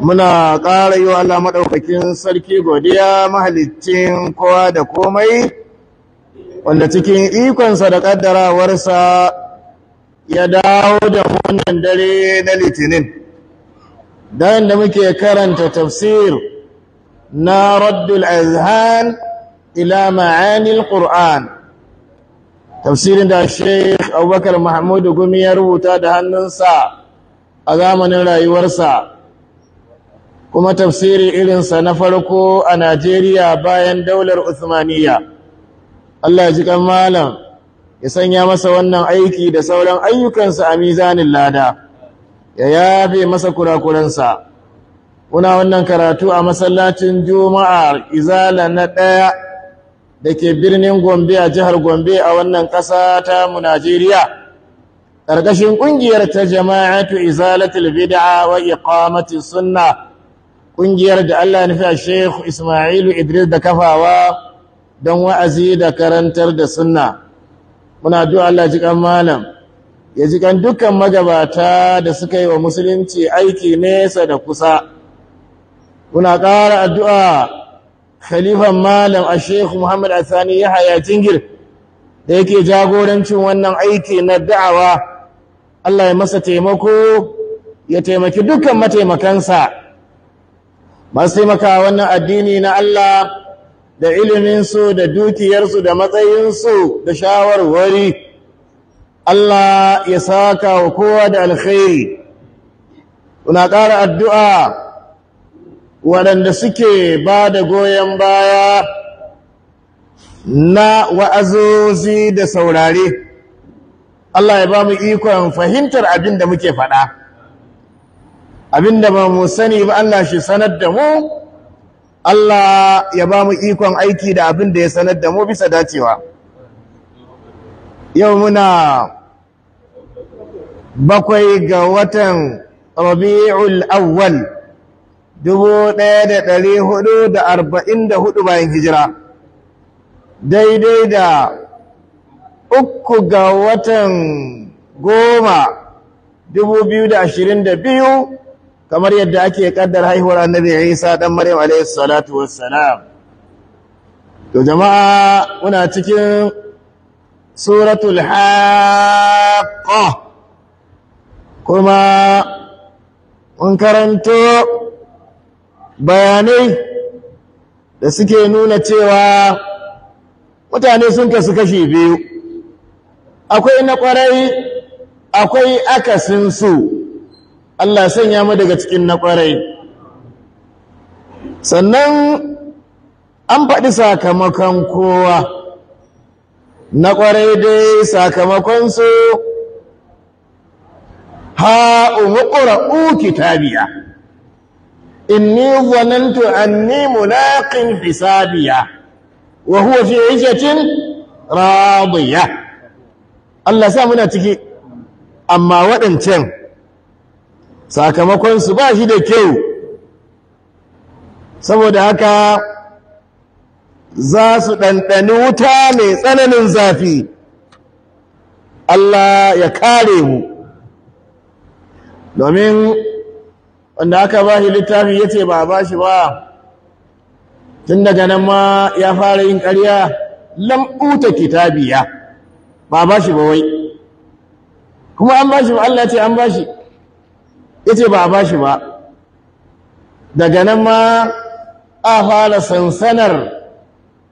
muna ƙara yi wa Allah maɗaukakin sarki godiya mahalicin kowa da komai wanda cikin ikonsa da ƙaddarawarsa ya dawo da wannan dare na litinin don da muke karanta tafsir na raddul azhan ila ma'anil qur'an tafsirin da sheikh abubakar mahmud gumi ya rubuta da hannunsa a zamanin rayuwarsa kuma tafsiri irinsa na farko a Najeriya bayan daular Usmaniyya. Allah ji kan malam ya sanya masa wannan aiki da sauran ayyukansa a mizanin lada, ya yafe masa kurakuransa. Kuna wannan karatu a masallacin Juma'a Izala na ɗaya da ke birnin Gombe a jihar Gombe a wannan ƙasa ta mu Najeriya. Ƙarƙashin ƙungiyar ta jama'atu Izalatul Bid'a wa Iqamati Sunnah ƙungiyar da Allah nufi a Sheikh Ismailu Idris da kafawa don wa'azi da karantar da sunna. Muna du'a Allah jikan malam, ya jikan dukkan magabata da suka yi wa musulunci aiki nesa da kusa. Muna ƙara addu'a Khalifan malam a Sheikh Muhammad Asani Yahaya Jingir da yake jagorancin wannan aiki na da'awa. Allah ya masa taimako, ya taimaki dukkan mataimakansa. masu taimaka wannan addini na Allah da iliminsu da dukiyarsu da matsayinsu da shawarwari Allah ya saka wa kowa da alkhairi kuna ƙara addu'a waɗanda suke ba da goyon baya na wa'azozi da saurare Allah ya ba mu ikon fahimtar abin da muke faɗa abinda ba mu sani ba Allah shi sanar da mu Allah ya ba mu ikon aiki da abinda ya sanar da mu bisa dacewa yau muna bakwai ga watan rabi'ul awwal 1444 bayan hijira daidai da uku ga watan goma 2022 kamar yadda ake kaddar haihuwar annabi Isa dan Maryam alayhi salatu wassalam to jama'a muna cikin suratul haqqah kuma mun karanto bayanai da suke nuna cewa mutane sun kasu kashi biyu akwai na kwarai akwai akasin su Allah sanya mu daga cikin na kwarai sannan an faɗi sakamakon kowa na kwarai dai sakamakon su ha'umu ƙura'u kitabiya inni zanantu anni mulaqin hisabiya wa huwa fi ijatin radiya Allah sa muna ciki amma waɗancan sakamakon su ba shi da kyau saboda haka za su ɗanɗani wuta mai tsananin zafi Allah ya kare mu domin wanda aka ba shi littafi ya ce ba ba shi ba tun daga nan ma ya fara yin ƙarya lamɓuta kitabiya ba ba shi ba wai kuma an ba shi ba Allah ce an ba shi ya ce ba a bashi ba daga nan ma a fara sansanar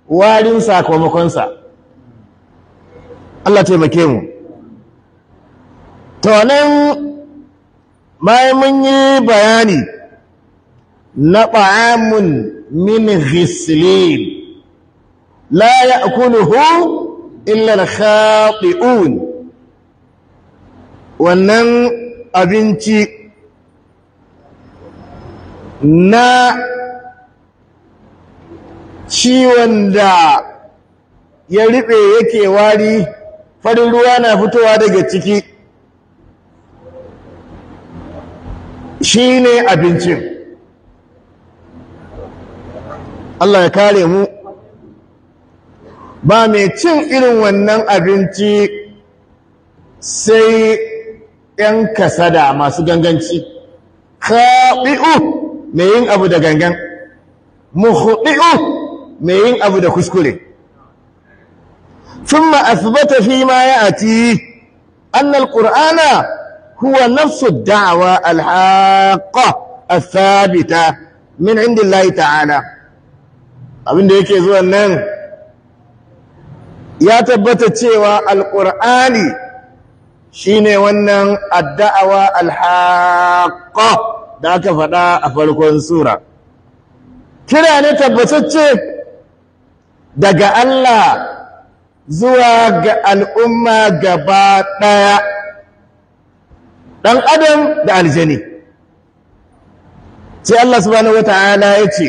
warin sakamakonsa Allah taimake mu tonin bayan mun yi bayani na ba'amun min ghislin la ya'kuluhu illa al-khati'un wannan abinci na ciwon da ya riɓe yake wari farin ruwa na fitowa daga ciki shi ne abincin Allah ya kare mu ba mai cin irin wannan abinci sai ‘yan kasada masu ganganci, kaɓi'u mai yin abu da gangan muhuɗi'u mai yin abu da kuskure sun asbata fi ma ya'ti anna alqur'ana huwa nafsu ad-da'wa al-haqqa ath-thabita min 'indillahi ta'ala abinda yake zuwa nan ya tabbata cewa alqur'ani shine wannan adda'awa dawa da aka faɗa a farkon sura kira ne tabbatacce daga Allah zuwa ga al'umma gaba ɗaya ɗan adam da aljani sai Allah subhanahu wa ta'ala ya ce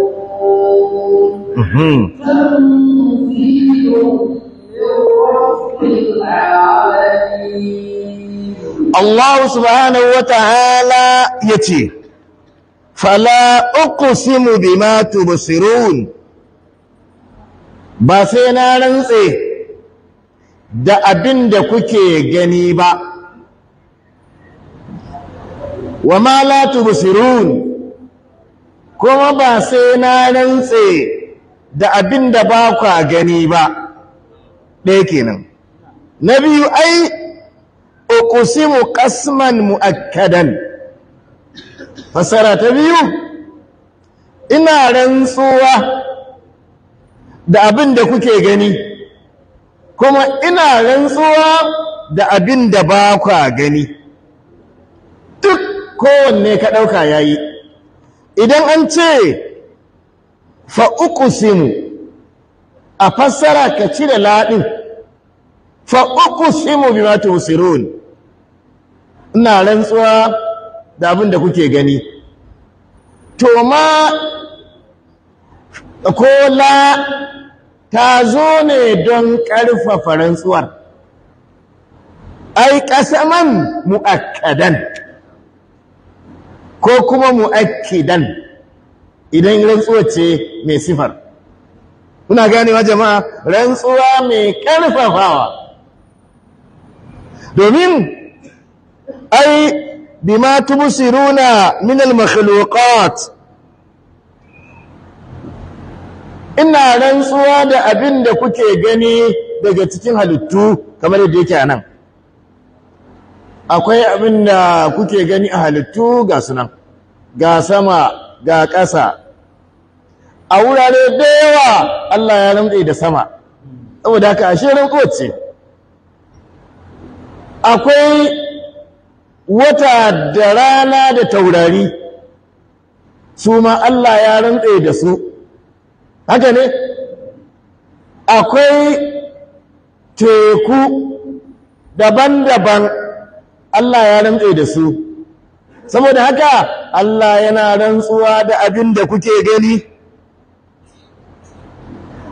Hmm. Allah subhanahu wa ta'ala ya ce, Fala uku uqsimu bima tubsirun ba sai na rantse da abin da kuke gani ba, wa ma latu tubsirun kuma ba sai na rantse da abin da ba kwa gani ba ɗaya kenan na biyu ai uqsimu mu muakkadan fasara ta biyu ina rantsuwa da abin da kuke gani kuma ina rantsuwa da abin da ba kwa gani duk kowanne ka ɗauka yayi idan an ce fa a fassara ka cire laɗin fa bi bima tusirun ina rantsuwa da abin da kuke gani to ma ko la ta zo ne don ƙarfafa rantsuwar ai ƙasaman mu'akkadan ko kuma mu'akkidan idan rantsuwa ce mai sifar kuna ganewa jama'a rantsuwa mai ƙarfafawa, domin ai bima tubsiruna min al-makhluqat ina rantsuwa da abin da kuke gani daga cikin halittu kamar yadda yake nan akwai abin da kuke gani a halittu ga sunan ga sama ga ƙasa a wurare da yawa Allah ya rantse da sama saboda haka ashe ranko ce akwai wata da rana da taurari su ma Allah ya rantse da su haka ne akwai teku daban-daban Allah ya rantse da su saboda haka Allah yana rantsuwa da abin da kuke gani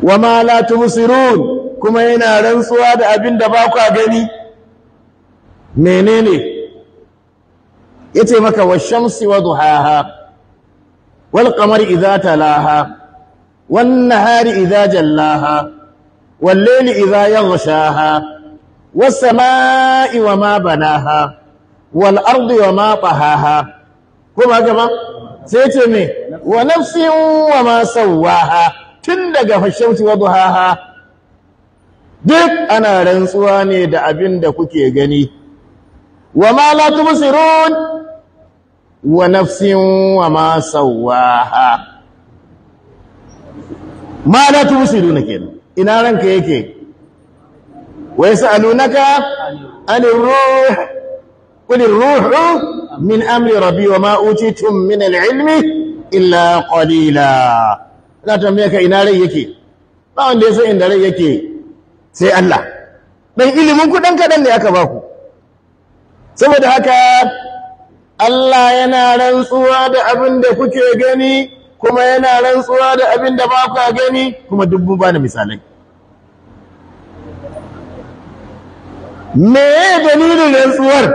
wa ma la tubsirun kuma yana rantsuwa da abin da ba ku gani menene yace maka wash-shamsi wa duhaha wal qamari idza talaha wan nahari idza jallaha wal layli idza yaghshaha was samaa'i wa ma banaha wal ardi wa ma tahaha kuma gaba sai ce me wa nafsin wa ma sawaha tun daga fashamsu wa haha, duk ana rantsuwa ne da abin da kuke gani wa ma la tubsirun wa nafsin wa ma sawaha ma la tubsirun kenan ina ranka yake wa yasalunaka anir ruh qul ruhu min amri rabbi wa ma utitum min al-ilmi illa qalila ina mai ka ina rai yake ba wanda ya san inda rai yake sai Allah dan ilimin ku dan kadan ne aka baku saboda haka Allah yana rantsuwa da abin da kuke gani kuma yana rantsuwa da abin da ba ku gani kuma dubbu ba ni misalai me dalilin rantsuwar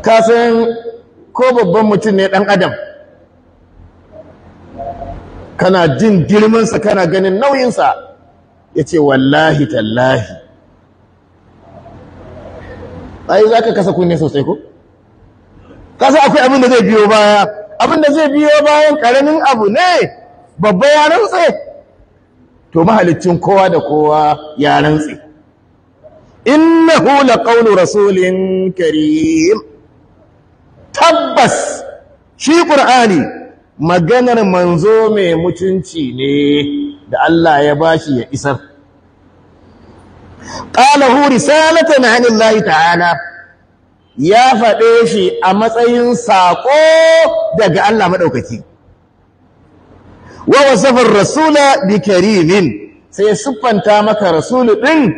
ka san ko babban mutum ne dan adam kana jin girmansa kana ganin nauyinsa ya ce wallahi tallahi ai za ka kasa kunne sosai ko? kasa akwai abin da zai biyo baya abin da zai biyo bayan ƙaramin abu ne babba ya rantsu? to mahalicin kowa da kowa ya rantse hula ƙaunu rasulun karim tabbas shi ƙur'ani. maganar manzo mai mutunci ne da Allah ya bashi ya isar qala na risalatan lahi ta'ala ya faɗe shi a matsayin saƙo daga Allah maɗaukaki wa safar rasula bi karimin sai siffanta maka rasulu ɗin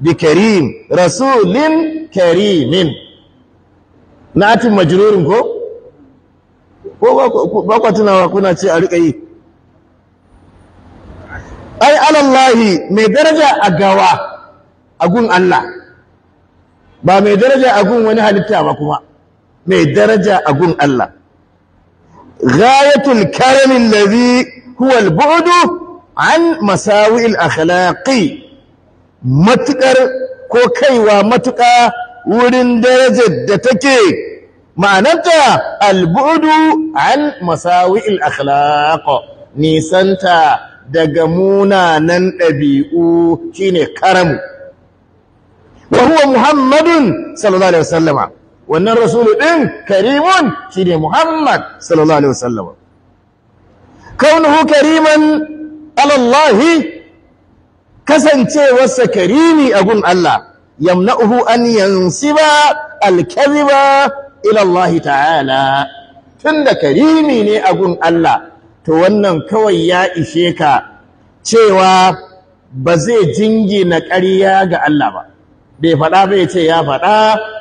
bi karim rasulin karimin na'atin majrurin ko ko ba kwa tunawa kuna ce a riƙa yi ai alallahi mai daraja a gawa a gun Allah ba mai daraja a gun wani halitta ba kuma mai daraja a gun Allah ghayatul karamin lazi huwa albu'du an masawi'il akhlaqi matukar ko kaiwa matuka wurin darajar da take ma'anarta albudu an masawi'il akhlaq nisanta daga munanan ɗabi'u shine karamu wa huwa muhammadun sallallahu alaihi wasallam wannan rasulu din karimun shine muhammad sallallahu alaihi wasallam kaunuhu kariman ala allah kasancewarsa karimi a gun Allah yamna'uhu an yansiba alkaziba ilallahi ta'ala tun da karimi ne a gun Allah to wannan kawai ya ishe ka cewa ba zai jingi na ƙarya ga Allah ba bai faɗa ba ya ce ya faɗa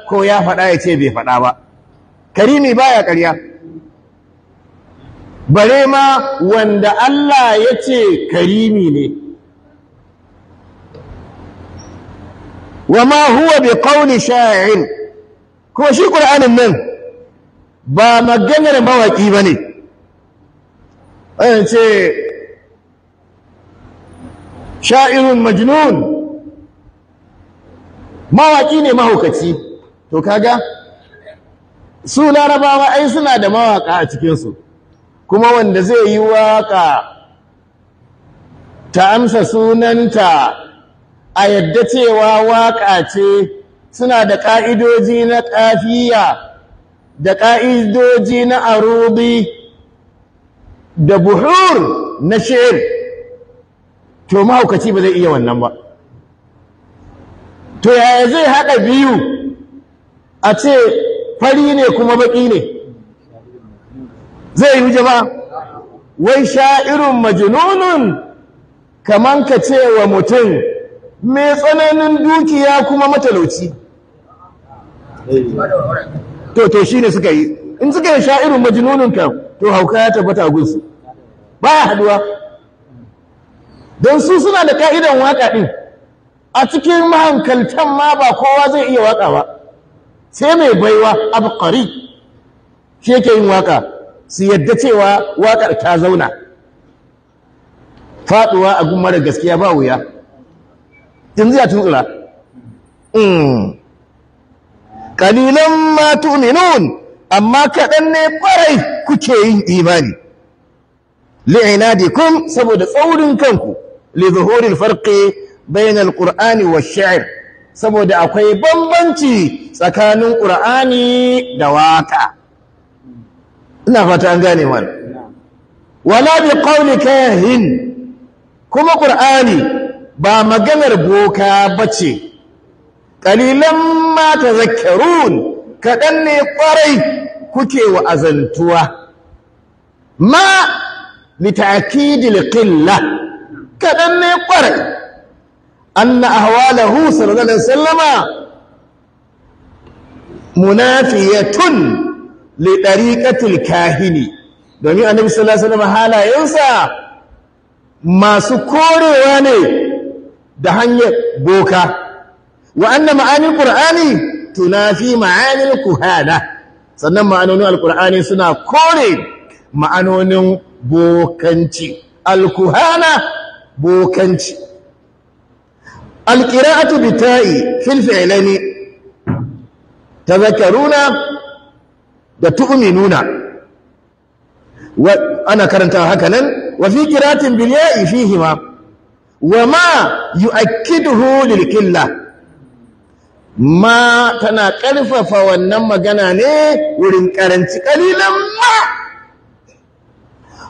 ko ya faɗa ya ce bai faɗa ba karimi baya ƙarya bare ma wanda Allah ya ce karimi ne wa ma huwa bi qawli sha'in kuma shi ƙur'anin nan ba maganar mawaƙi ba ne ce sha'irun majnun mawaƙi ne mahaukaci to kaga su larabawa ai suna da mawaƙa a cikinsu kuma wanda zai yi waƙa ta amsa sunanta a yadda cewa waƙa ce suna da ƙa'idoji na ƙafiya da ƙa'idoji na arubi da buhur na shir to mahaukaci ba zai iya wannan ba to yaya zai haɗa biyu a ce fari ne kuma baƙi ne zai yi jama wai sha'irun majinunun kaman ka ce wa mutum mai tsananin dukiya kuma matalauci to to shine suka yi in suka yi sha'irin majnunun kan to hauka ya tabbata gunsu baya haduwa don su suna da ka'idan waka din a cikin mahankaltan ma ba kowa zai iya waka ba sai mai baiwa abqari shi yake yin waka su yadda cewa wakar ta zauna faduwa a gumma gaskiya ba wuya yanzu ya tuntsula hmm. kalilan ma tu'minun amma kaɗan ne barai kuke yin imani li'inadikum saboda tsaurin kanku li zuhuril farqi bainal qur'ani wash-shi'r saboda akwai bambanci tsakanin qur'ani da waka ina fata an gane wannan wala bi qawli kahin kuma ƙur'ani ba maganar boka bace Ƙalilan mata tazakkarun kaɗan ne ƙwarai kuke wa azantuwa? ma litakidil qilla kaɗan ne ƙwarai An anna ahwalahu sallallahu alaihi wasallama munafiyatun li kahini domin annabi sallallahu alaihi wasallam halayensa masu korewa ne da hanyar boka wa anna ma'anil qur'ani tunafi ma'anil kuhana sannan ma'anonin alkur'ani suna kore ma'anonin bokanci alkuhana bokanci alqira'atu bita'i fil fi'lani tadhakkaruna da tu'minuna wa ana karanta haka nan wa fi qira'atin bil ya'i fihi ma wa ma yu'akkiduhu lil qillah ma tana ƙarfafa wannan magana ne wurin ƙaranci ƙalilan ma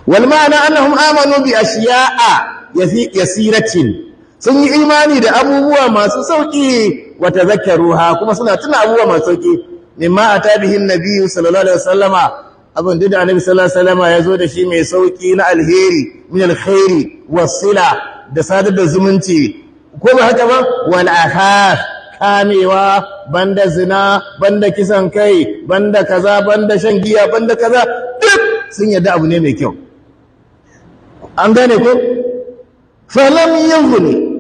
wal ma'ana annahum amanu bi ashiya'a yasiratin sun yi imani da abubuwa masu sauki wa tazakkaruha kuma suna tuna abubuwa masu sauki mimma ata bihi annabi sallallahu alaihi wasallama abin da annabi sallallahu alaihi wasallama yazo da shi mai sauki na alheri min alkhairi wasila da sadar da zumunci ko ba haka ba wal akhaf kamewa banda zina banda kisan kai banda kaza banda shan giya banda kaza duk sun yadda abu ne mai kyau an gane ko falam yughni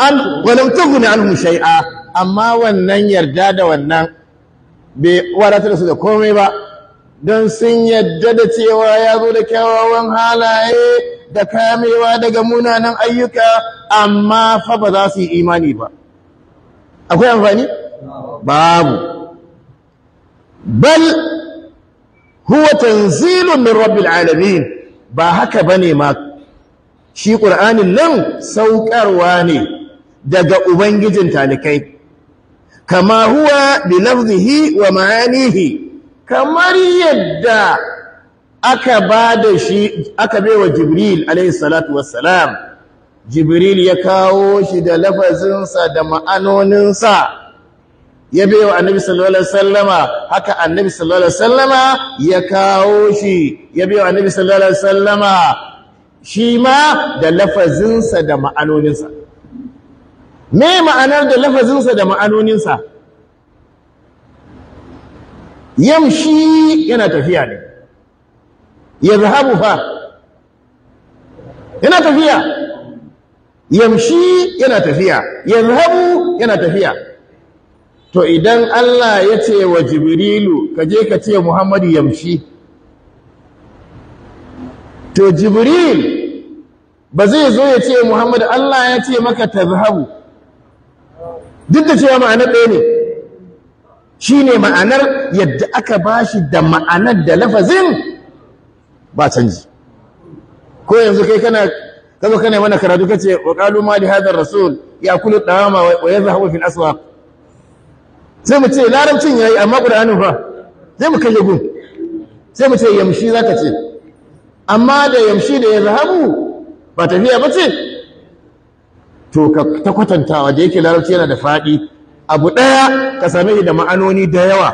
an walam tughni anhu shay'a amma wannan yarda da wannan bai da su da komai ba don sun yadda da cewa ya zo da kyawawan halaye da kamewa daga munanan ayyuka amma fa ba za su yi imani ba akwai amfani babu bal huwa tanzilun min rabbil alamin ba haka bane ma shi qur'anin nan saukarwa ne daga ubangijin talikai kama huwa bi lafzihi wa ma'anihi kamar yadda aka bada shi aka baiwa jibril alayhi salatu wassalam jibril ya kawo shi da lafazinsa da ma'anoninsa ya bai wa annabi sallallahu alaihi wasallama haka annabi sallallahu alaihi wasallama ya kawo shi ya bai wa annabi sallallahu alaihi wasallama shi ma da lafazinsa da ma'anoninsa me ma'anar da lafazinsa da ma'anoninsa yamshi yana tafiya ne yadhhabu fa yana tafiya yamshi yana tafiya yanhabu yana tafiya to idan Allah ya ce wa jibrilu ka je ka ce muhammadu yamshi to jibril ba zai zo ya ce muhammadu Allah ya ce maka tazhabu duk da cewa ma'anar ɗaya ne shine ma'anar yadda aka bashi da ma'anar da lafazin ba canji ko yanzu kai kana kazo kana mana karatu kace wa qalu ma li hadha ar-rasul yakulu at-ta'ama wa yadhhabu al aswaq sai mu ce larabcin yayi amma qur'anin fa sai mu kalle gun sai mu ce yamshi zaka ce amma da yamshi da yadhhabu ba tafiya ba ce to ka ta kwatantawa da yake larabci yana da fadi abu daya ka same shi da ma'anoni da yawa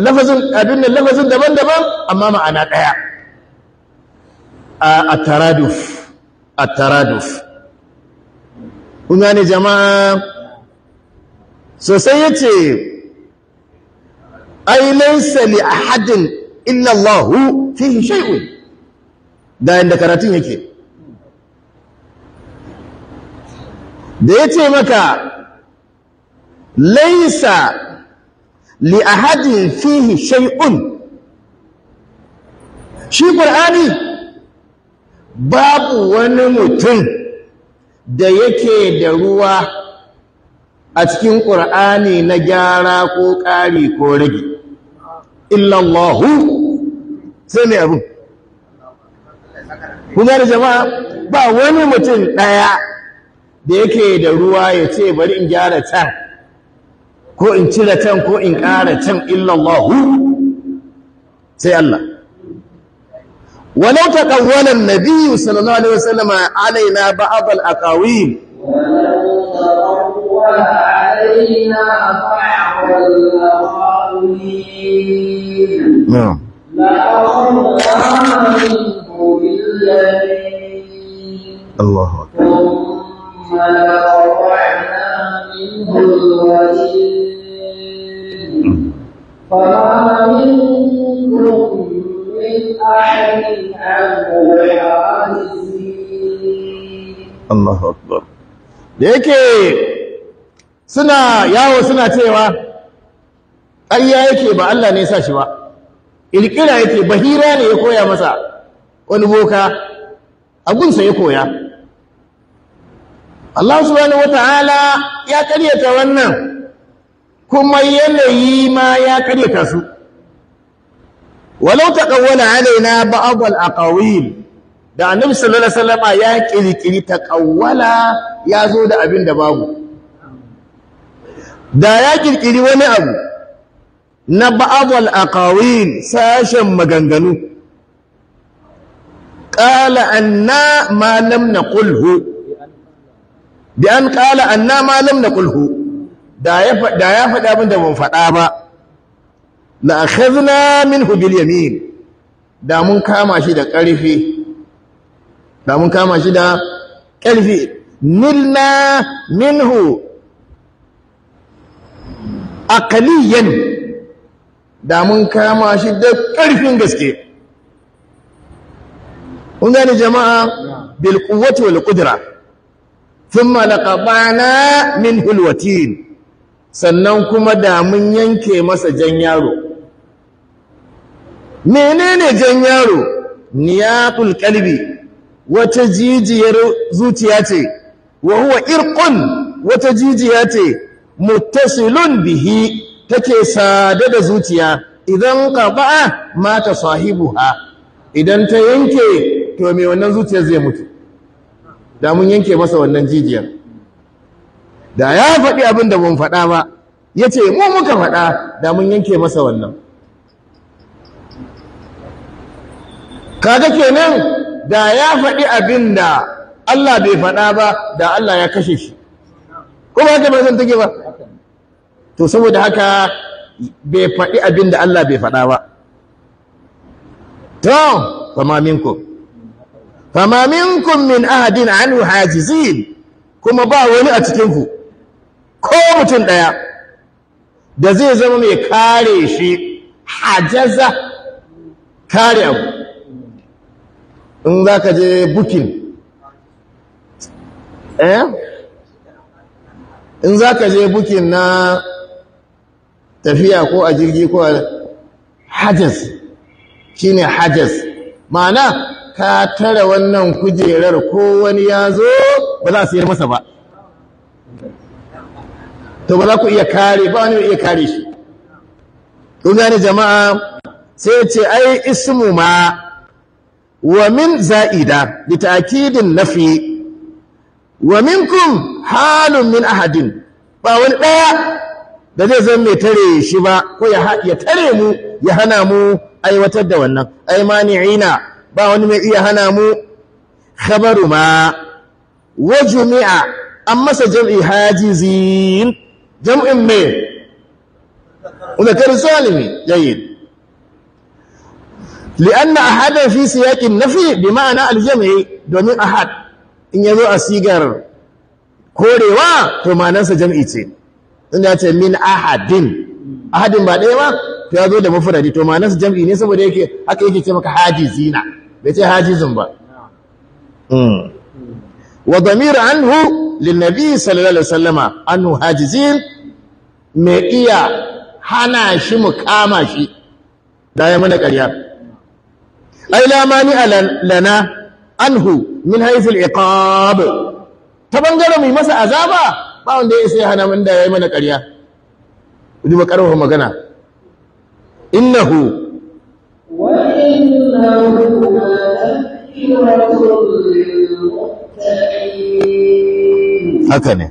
lafazin abin lafazin daban-daban amma ma'ana daya a at-taraduf at-taraduf kun gane jama'a sosai yace ai laysa li ahadin illa Allah fihi shay'un da inda karatun yake da yace maka laysa li ahadin fihi shay'un shi qur'ani babu wani mutum da yake da ruwa a cikin ƙur'ani na gyara ko ƙari ko rage illallahu sai mai abin kuma da jama'a ba wani mutum ɗaya da yake da ruwa ya ce bari in gyara can ko in cire can ko in ƙara can illallahu sai Allah ولو تقول النبي صلى الله عليه وسلم علينا بعض الأقاويل علينا بعض الأقاويل نعم لأخذنا منه بالذي الله أكبر منه الوتين فما منكم Akbar. da yake suna yawo suna cewa ƙarya yake ba Allah ne ya sa shi ba ilkira yake ba hira ne ya koya masa wani boka abinsa ya koya Allah subhanahu wata'ala ya karyata wannan kuma yanayi ma ya karyata su walau taqawwala alaina ba'd al da annabi sallallahu alaihi wasallama ya kirkiri taqawwala ya zo da abin da babu da ya kirkiri wani abu na ba'd al-aqawil sashen maganganu qala anna ma lam naqulhu bi an qala anna ma lam naqulhu da ya da ya faɗa abin da ban faɗa ba la akhadna minhu bil yamin da mun kama shi da ƙarfi da mun kama shi da ƙarfi nilna minhu aqaliyan da mun kama shi da ƙarfin gaske kun gane jama'a bil quwwati wal qudra thumma laqabana minhu al watin sannan kuma da mun yanke masa jan yaro menene jan yaro niyatul kalbi wata jijiyar zuciya ce wa huwa irqun wata jijiya ce muttasilun bihi take sada da zuciya idan kaba mata sahibuha idan ta yanke to me wannan zuciyar zai mutu da mun yanke masa wannan jijiyar da ya faɗi abin da mun faɗa ba yace mu muka faɗa da mun yanke masa wannan kaga kenan da ya faɗi abin da Allah bai faɗa ba da Allah ya kashe shi ko ba haka ba zan take ba to saboda haka bai faɗi abin da Allah bai faɗa ba to fama minkum fama minkum min ahadin anhu hajizin kuma ba wani a cikin ku ko mutum daya da zai zama mai kare shi hajaza kare abu in za ka je bukin eh in za ka je bukin na tafiya ko a jirgi ko a hajjas shi ne hajjas ma'ana ka tara wannan kujerar ko wani ya zo ba za su yi masa ba to ba za ku iya kare ba wani iya kare shi ɗunga da jama'a sai ce ai ismu ma ومن زائدة لتأكيد النفي ومنكم حال من أحد wani ɗaya da zai zan mai tare shi ba ko ya tare mu ya hana mu aiwatar da wannan ai mani'ina ba wani mai iya hana mu khabaru ma wa jumi'a an masa jam'i hajizin jam'in mai wadda kar zalimi jayyid li'anna ahadan fi yakin nafi bi ma'ana al-jam'i domin ahad in yazo a sigar korewa to ma'anarsa jam'i ce in ya ce min ahadin ahadin ba ɗaya ba to ya zo da mufradi to ma'anarsa jam'i ne saboda yake haka yake ce maka hajizina bai ce hajizun ba wa damir anhu linabi sallallahu alaihi wasallama anhu hajizin mai iya hana shi mu kama shi da ya mana ƙarya ai la mani lana anhu min haythul iqab ta bangaren mai masa azaba ba wanda ya sai hana min da yayi mana ƙarya kudi ba karfa magana innahu wa haka ne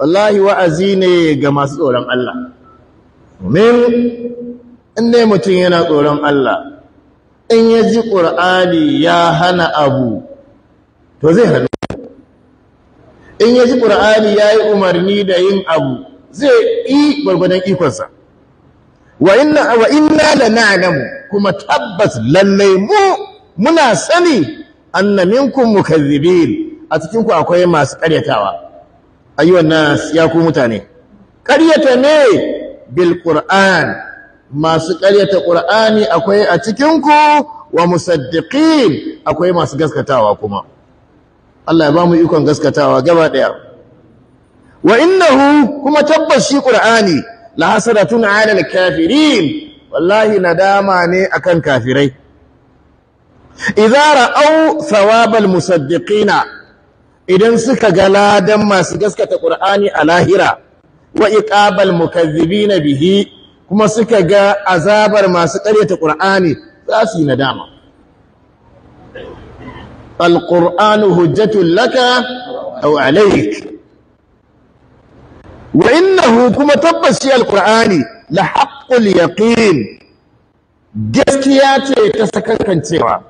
wallahi wa'azi ne ga masu tsoron Allah domin in dai mutum yana tsoron Allah in ya ji ƙur'ani ya hana abu to zai hannu in ya ji ƙur'ani ya yi umarni da yin abu zai yi barbadan ikonsa wa inna da na'alamu kuma tabbas lallai mu muna sani anna minkum mukazzibin a cikinku akwai masu ƙaryatawa ayyuhan nas ya ku mutane ƙaryata ne bil qur'an masu ƙaryata qur'ani akwai a cikin ku wa musaddiqin akwai masu gaskatawa kuma Allah ya ba ikon gaskatawa gaba daya wa innahu kuma tabbas shi qur'ani la hasadatun 'ala al kafirin wallahi nadama ne akan kafirai idza ra'aw thawabal musaddiqina idan suka ga ladan masu gaskata ƙur'ani a lahira wa iqabal mukazzibi na bihi kuma suka ga azabar masu ƙaryata ƙur'ani za su yi nadama al-ƙur'anu hujjatun laka aw wa innahu kuma tabbashi al-ƙur'ani la haqqul gaskiya ce ta sakankancewa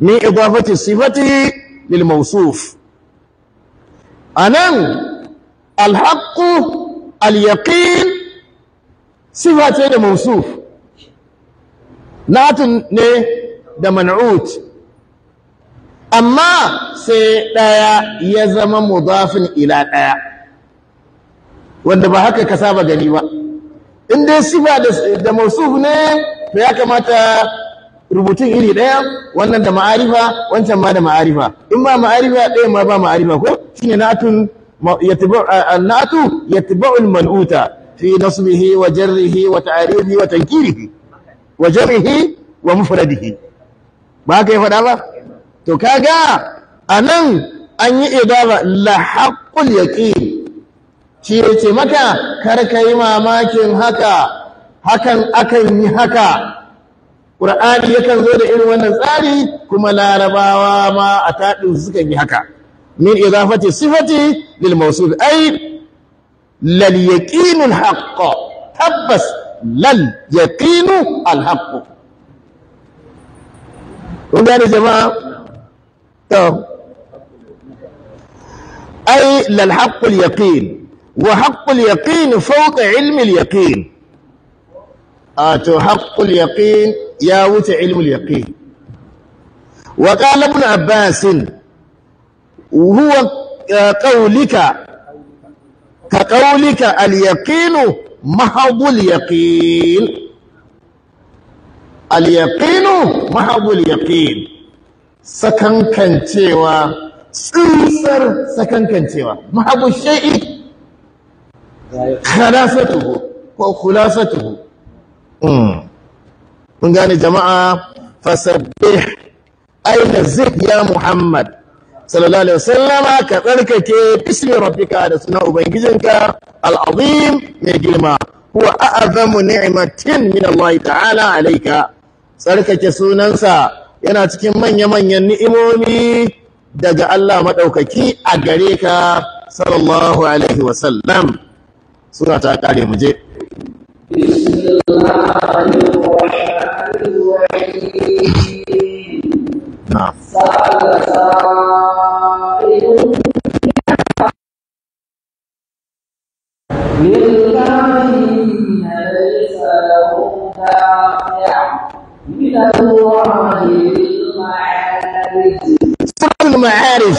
min idafati sifati lil mawsuf anan nan alhaƙu alyaƙin sifa ce da mausuf natin ne da man'ut amma sai ɗaya ya zama mudafin ila ɗaya wanda ba haka ka saba gani ba in dai sifa da mausuf ne to ya kamata rubutun iri ɗaya wannan da ma'arifa wancan ma da ma'arifa in ba ma'arifa ɗaya ma ba ma'arifa ko shine natun natu yatba'u maluta fi nasbihi wa jarrihi wa ta'arifi, wa tankirihi wa jarrihi wa mufradihi ba ka yi faɗa ba to kaga nan an yi idaba la haqqul yaqin shi ce maka kar ka yi mamakin haka hakan akan yi haka ƙur'ani yakan zo da irin wannan tsari kuma larabawa ma a taɗin sukan yi haka min izafati sifati lil mawsul ai lal yaqinul haqq tabbas lal yaqinu al haqq kun gane jama'a to ai lal haqq yaqin wa haqq al yaqin fawqa ilmi al yaqin a to haqqul yaqin ya wuce ilmul yaqin wa qala ibn abbas huwa qawlika ka qawlika al yaqin mahdul yaqin al yaqin mahdul yaqin sakankancewa tsintsar sakankancewa mahabu shay'i khalasatuhu ko khulasatuhu Mm. mun gane jama'a fasabbih aina zik ya muhammad sallallahu alaihi wasallama ka tsarkake bismi rafika da suna ubangijinka al'azim mai girma huwa a'azamu ni’imatin min Allah ta'ala alaika. tsarkake sunansa yana cikin manya-manyan ni'imomi daga Allah maɗaukaki a gare ka sallallahu alaihi wasallam suna ta ƙare mu je Bismillahirrahmanirrahim. Sa'al sa'il. Min al-ma'arij. Sa'al al-ma'arij.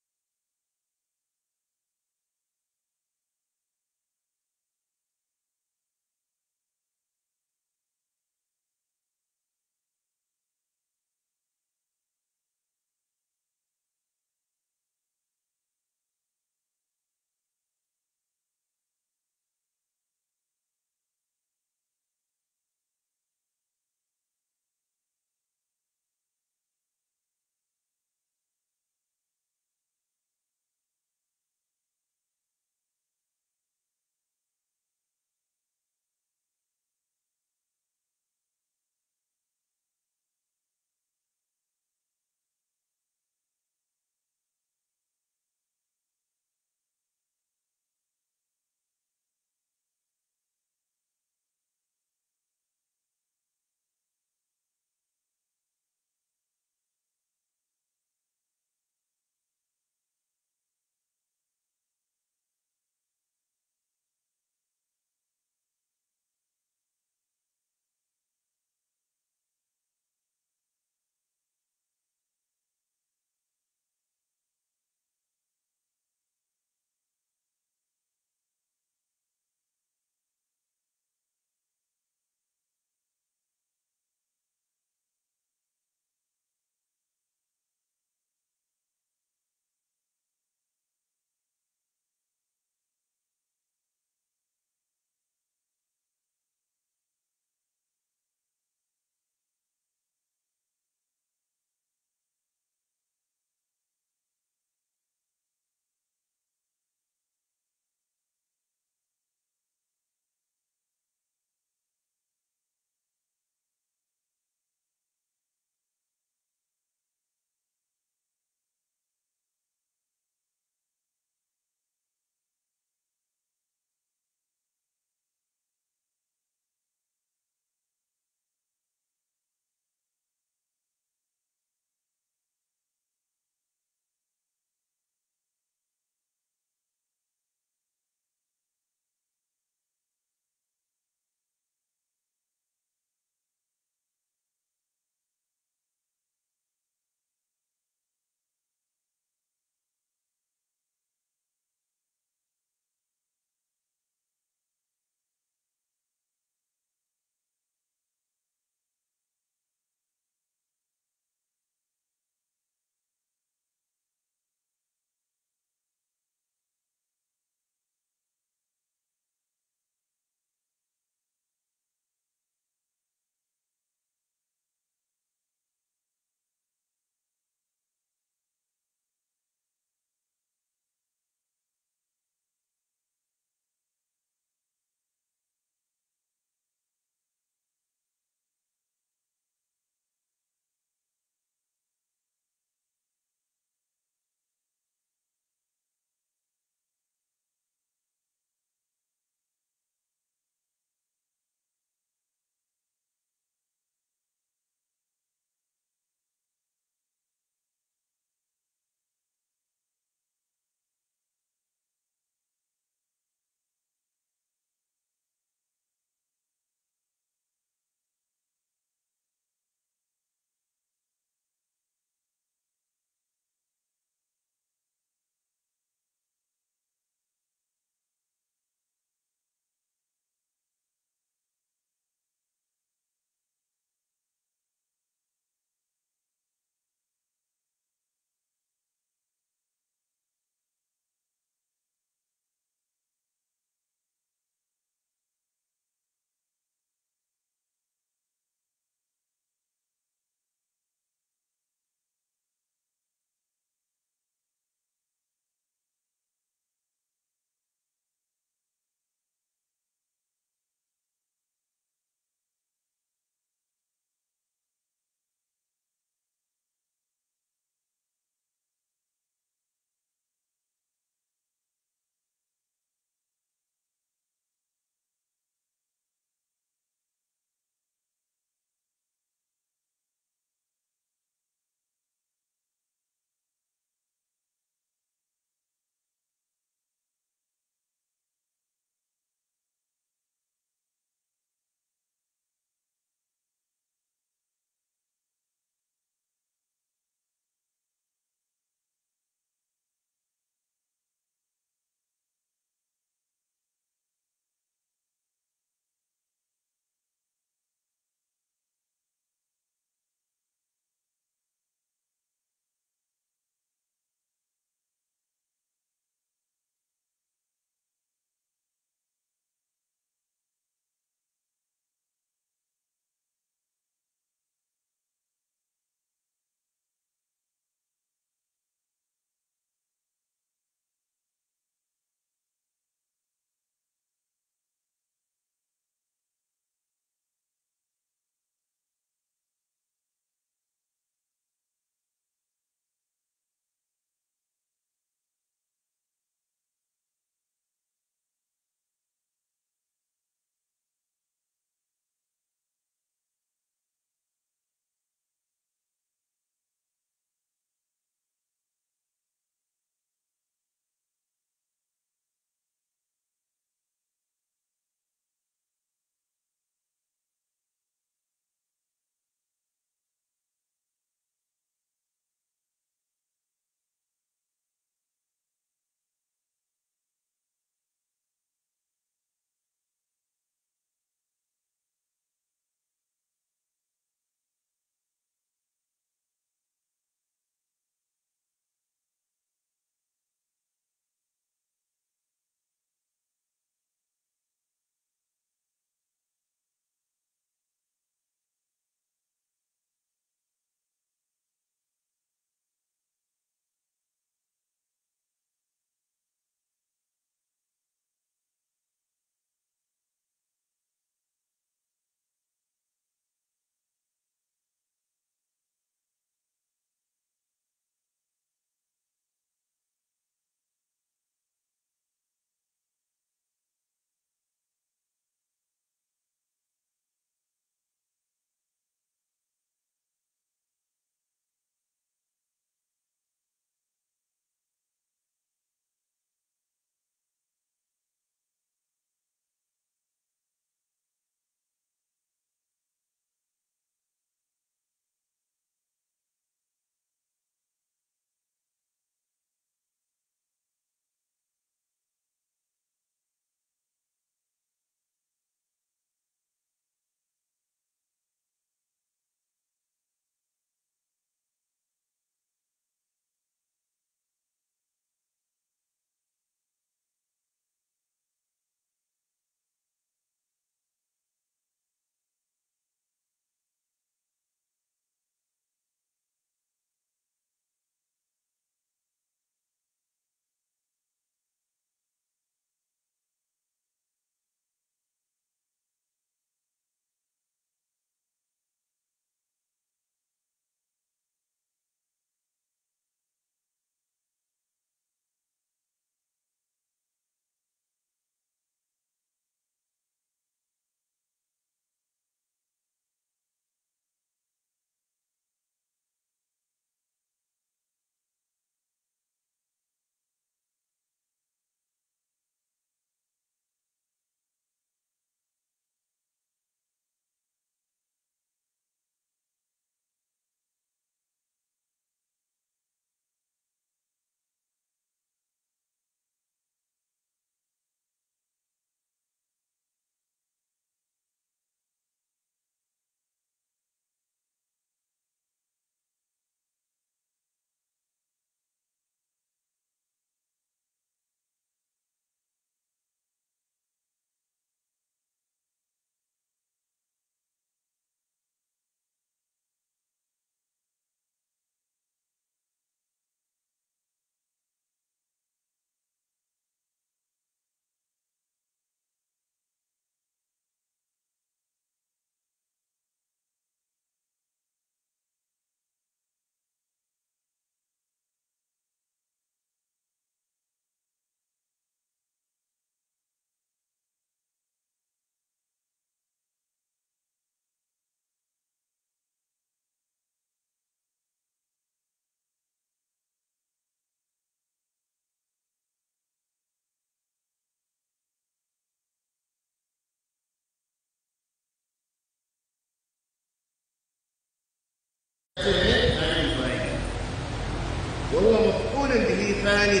وهو مفعول به ثاني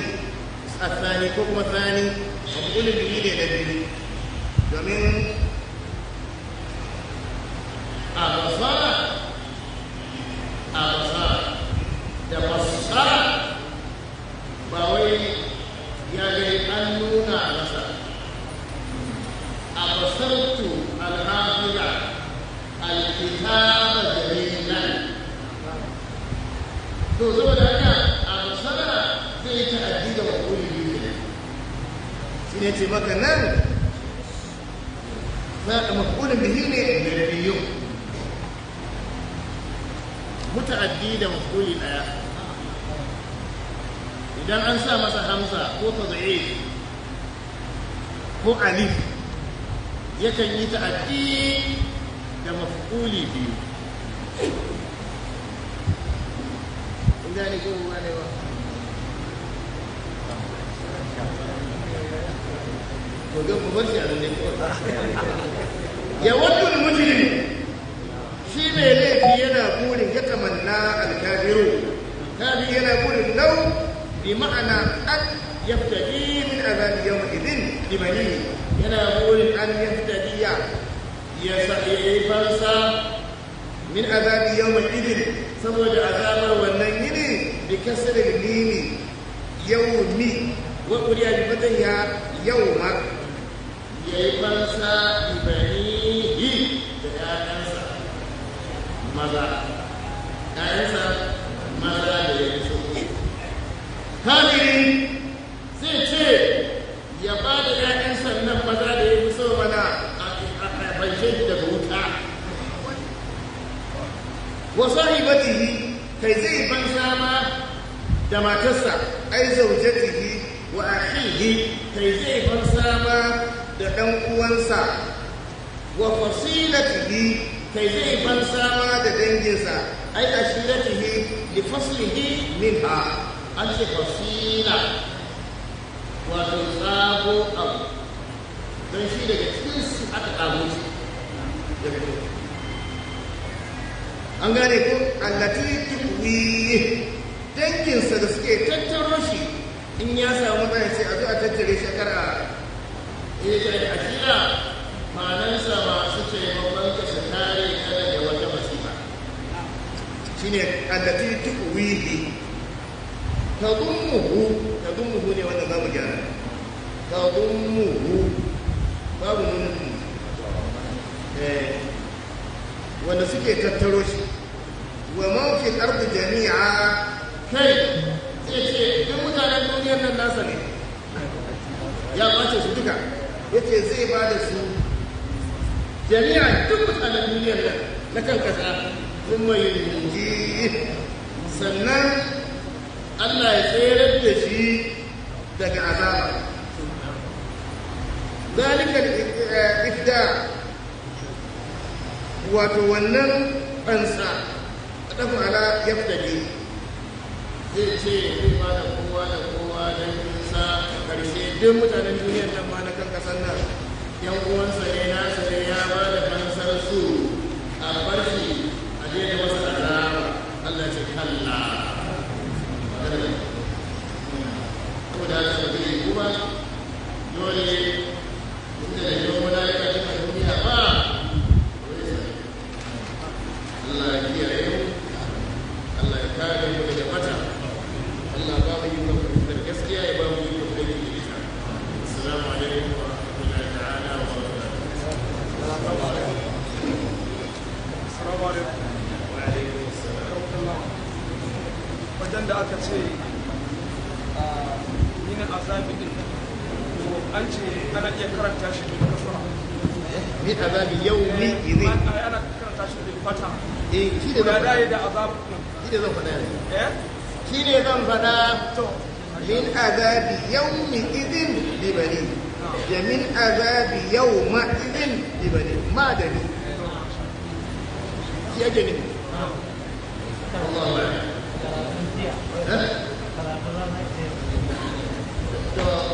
الثاني كما ثاني مفعول به لنبي ومن الرصاد ya ce maka nan za a ne da rabiyu muta'addi da daya idan an sa masa hamsa ko tazai ko alif yakan yi ta'addi da maf'uli biyu. Inda ne ko ruwa ne ba? yawancin ku shi ne ya wannan mujrim shi mai laifi yana burin ya tamanna alkabiru kabi yana burin lau bi ma'ana an yabtaji min azabi yawm idin bimani yana burin an yabtajiya ya ya sa'i farsa min azabi yawm idin saboda azabar wannan yini bi kasr al-mim yawmi wa quriya bi fataha ma. ya yi fansa ibanihi da ‘ya'yansa maza ‘ya'yansa maza da ya yi so kafiri zai ce ya ba da ‘ya'yansa nan maza da ya fi so mana a haifance daga wuta wasu haibatihi kai zai fansa ma da matarsa ai zaujatihi wa akhihi kai zai fansa da ɗan uwansa wa fasilatihi kai zai ban sama da danginsa ai ashiratihi li faslihi minha an ce fasila wato sabo abu don shi daga cikin su aka kamo shi daga an gane ko allati tukwi danginsa da suke tattaro shi in ya samu bayan sai a zo a tattare shekara. ita eh, da akila manansa masu taimakon ka su kare ka daga ne wanda babu gyara tadummuhu babu nunin eh, wanda suke tattaro shi wa mawkin ardi jami'a kai sai ce duk mutanen duniyar nan nasa ne ya kwace su ya ce zai ba da su jami'a duk mutanen duniyar nan na kan kasa mai yi sannan allah ya tsere da shi daga azaba zalika ifda wato wannan fansa a ɗafa ala ya zai ce zai ba da kowa da kowa don sa a ƙarshe duk mutanen duniyar nan ma sallar yan uwansa ne nasa ne ya ba da fansar su a barshi a daina masa azaba Allah ce kalla ko da su bai kuma dole من عذاب يوم إذن أنا من عذاب يوم إذن لبني يا من عذاب يوم إذن لبني ما دليل يا جنب الله